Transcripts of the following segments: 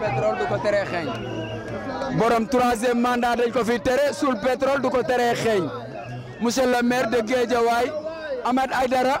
pétrole du ko borom troisième mandat dañ ko fi tere sul pétrole du ko téré xeeñ monsieur le maire de guédiaway Ahmed Aïdara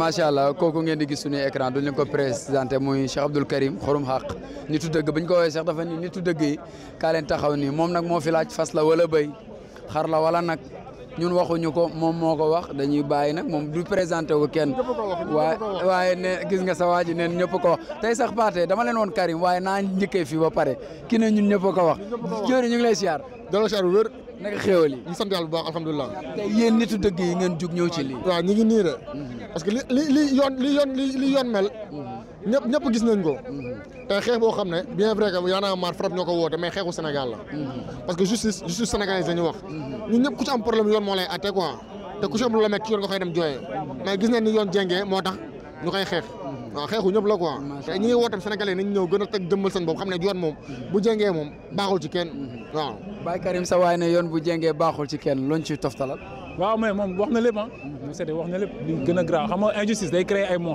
macha allah kooku ngeen di gis suñuy écran duñ leen ko présenté muy Cheikh Abdoul Karim Xurum ñu nitu dëgg buñ ko woowee Cheikh dafa ni nitu dëgg yi kaa leen taxaw nii moom nag moo fi laaj fas la wala bay xar la wala nag ñun waxuñu ko moom moo ko wax dañuy bàyyi nag moom du présenté wu kenn waaye waaye ne gis nga sa waa ji neen ñëpp ko wax tey sax paate dama leen woon Karim waaye naa njëkkee fi ba pare ki ne ñun ñëpp ko wax jori ñu ngi siyaar naka xéewal yi ñu sant yàlla bu baax alhamdulilah tey yéen nitu dëgg yi ngeen jug ñëw ci lii waaw ñu ngi nii de mhm. parce que li li li yoon li yoon li yoon mel mhm. ñëpp ñëpp gis nañ ko mhm. te xeex boo xam ne bien vrai que Y'en a marre FRAPP ñoo ko woote mais xeexu Sénégal la parce que justice justice sénégalaise la ñu wax ñun ñëpp ku ci am problème yoon moo lay atte quoi te ku ci am lu la metti koy dem jooyee mais gis ne ni yoon jéngee moo tax ñu koy xeex waaw xeexu ñëpp la quoi te ñi ngi wootam sénégalais nañ ñëw gën a teg jëmmal seen bopp ne yoon moom bu jëngee moom baaxul ci kenn mhm. waaw Baye Karim sa waay ne yoon bu jëngee baaxul ci kenn moom wax na lépp ah c'est wax na lépp gën a grave xam nga injustice day créer ay mhm.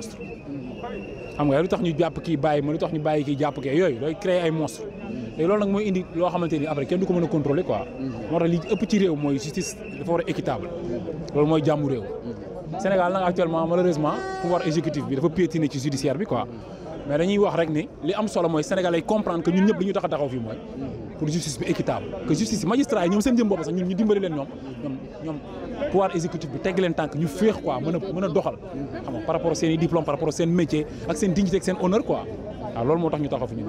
xam nga lu tax ñu jàpp kii bàyyi ma lu tax ñu bàyyi kii jàpp kee yooyu day créer ay monstre léegi mhm. loolu nag mooy indi loo xamante ni après kenn du ko mën a contrôler quoi moo tax li ëpp ci réew mooy justice dafa war a équitable loolu mooy jàmmu réew Sénégal nag actuellement malheureusement pouvoir exécutif bi dafa piétiner ci judiciaire bi quoi mais dañuy wax rek ni li am solo moy Sénégalais comprendre que ñun ñëpp li ñu tax taxaw fi moy pour justice bi équitable que justice magistrat ñom seen jëm bopp sax ñun ñu dimbali len ñom ñom ñoom pouvoir exécutif bi tégg len tank ñu feex quoi mëna mëna doxal xam nga par rapport seen i diplôme par rapport seen métier ak seen dignité ak seen honneur quoi waaw loolu moo tax ñu taxaw fi ñu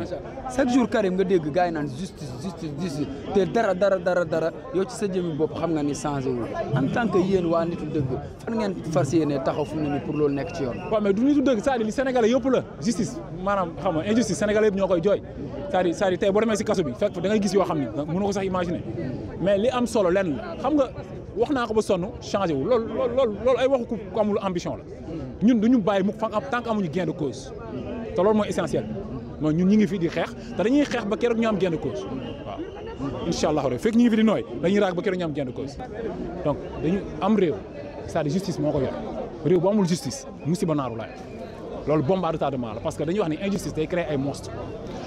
chaque jour Karim nga dégg gars yi naan justice justice te dara dara dara yow ci sa jëmmi bopp xam nga ni changé wu tant que yéen waa nitu dëgg ngeen fas yéene taxaw fi pour loolu nekk ci yoon waaw mais du nitu dëgg c'est-à-dire li koy jooy c'est-à-dire c'est-à-dire tey gis yoo xam ni mënu ko sax imaginer am solo lenn la xam nga wax naa ko ba sonn changé wu loolu loolu loolu ay waxu ku amul la ñun duñu bàyyi mukk fa tant que amuñu gain de cause te loolu mooy essentiel mooy ñun ñi ngi fi di xeex te dañuy xeex ba keroog ñu am genn cause waaw incha allah rek fekk ñu ngi fi di nooy dañuy raak ba keroog ñu am genn cause donc dañu am réew c'est-à-dire justice moo ko yor réew bu amul justice musiba naaru laay loolu bombe à retardement la parce que dañuy wax ni injustice day créer ay monstres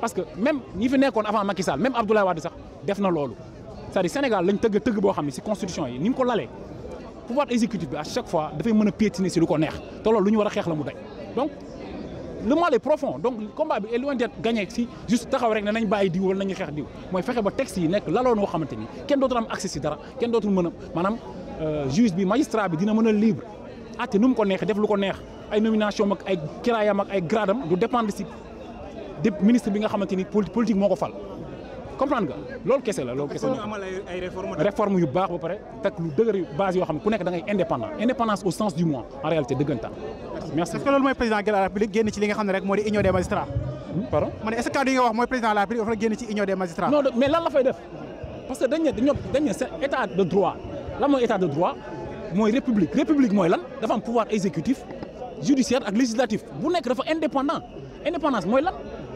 parce que même ñi fi nekkoon avant Macky Sall même Abdoulaye Wade sax def na lolu. c'est-à-dire Sénégal lañ tëgg tëgg boo xam ci constitution yi ni mu ko lalee pouvoir exécutif bi à chaque fois dafay mën a piétiner ci lu ko neex te loolu lu ñu war la mu daj donc le mal est profond donc combat bi est loin d'être gagné ci juste taxaw rek ne nañ bàyyi diw wala nañu xeex diw mooy fexe ba texte yi nekk laloon noo xamante ni d'autre dootul am accès ci dara kenn dootul mën a maanaam euh, juge bi magistrat bi dina mën libre atte nu mu ko neex def lu neex ay nomination am ak ay kiraayam ak ay gradam du dépendre ci le ministre bi nga politique moo fal comprendre la la réforme yu baax ba pare base indépendant indépendance au sens du mot en réalité de merci est-ce que le président de la République génn ci li nga des magistrats hmm? pardon est-ce que le président de la République est génn ci union des magistrats non mais là, la fay def parce que dañ c'est état de droit lan état de droit la république république c'est lan pouvoir exécutif judiciaire et législatif bu nekk pas indépendant indépendance c'est lan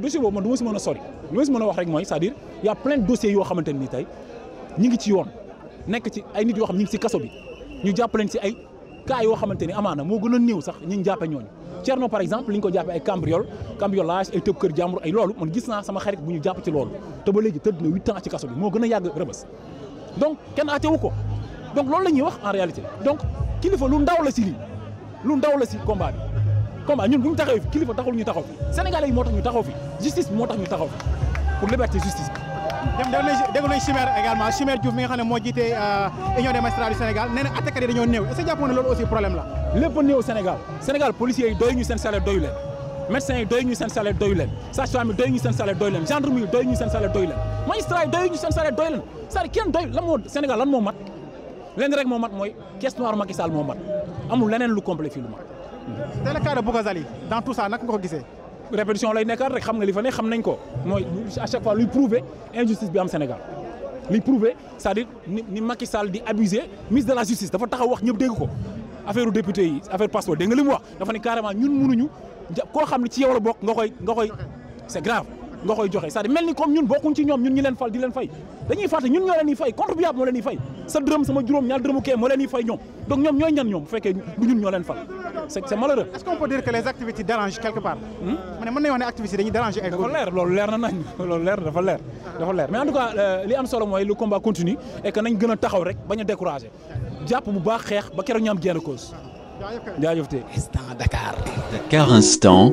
dossier boobu man douma ci si sori lu ma si wax rek moy c'est-à-dire il y' a plein de dossiers yo xamanteni ne nii tey ngi ci yoon nek ci ay nit yo xam ñu ngi si kaso bi ñu jàpp leen si ay cas yo xamanteni amana mo moo gën sax ñu ngi jàppe ñooñu Thierno par exemple liñ ko jappé ay cambriole cambriolage ay teup kër jambour ay lolu man gis na sama xarit bu ñu japp ci lolu te ba légui tëdd na 8 ans ci kasso bi mo gën yag rebeus rëbës donc kenn aatewu ko donc lolu la ñuy wax en réalité donc kilifa lu ndaw la si lii lu ndaw la si combat bi combat ñun bu ñu taxawee fi kilifa taxul ñu taxaw fi sénégalais yi moo tax ñu taxaw fi justice mo tax ñu taxaw fi pour liberté justice bi. dem déglu nañ Chimère également Chimère djouf mi nga xamné mo jité jiite euh, Union des magistrats du Sénégal néna na attaqué yi dañoo est-ce que jàpp nga aussi problème la. lepp néew Sénégal Sénégal policiers yi doy ñu sen salaire doyu leen médecins yi doy ñu sen salaire doyu leen sage-femme yi doy ñu sen salaire doyu leen gendarme yi doy ñu sen salaire doyu leen magistrat doy ñu sen salaire doyu leen c'est-à-dire kenn doy lan moo Sénégal lan mo mat lenn rek mo mat moy caisse noire Macky Sall moo mat amul leneen lu complet fi lu mat c'est le cas de Bougazali. dans tout ça répétition à chaque fois lui prouver injustice bi Sénégal luy prouver c'est-à-dire ni Macky Sall abuser ministre de la justice dafa taxaw wax ko affaire député affaire carrément c'est grave nga koy joxe c'est-à-dire mel comme ñun bokkuñ ci ñom ñun ñi leen fal di leen fay dañuy fàtte ñun ñoo leen ni fay contribuable mo leen ni fay sa dërëm sama juróom ñaal dërëmu ké mo leen ni fay ñoom donc ñom ñoy ñan ñom bu fekkee du ñun ñoo leen fal c'est c'est malheureux. est-ce qu'on peut dire que les activités dérangent quelque part. Hmm? mané ne mën nañu wax ne activités dañuy déranger. dafa leer loolu leer na nañ lolu leer dafa leer. dafa leer mais en tout cas euh, li am solo moy le combat continue et que nañ gëna taxaw rek baña décourager japp bu baax xex ba kéro ñu am gain de cause. jaajëf te. instant Dakar. Dakar instant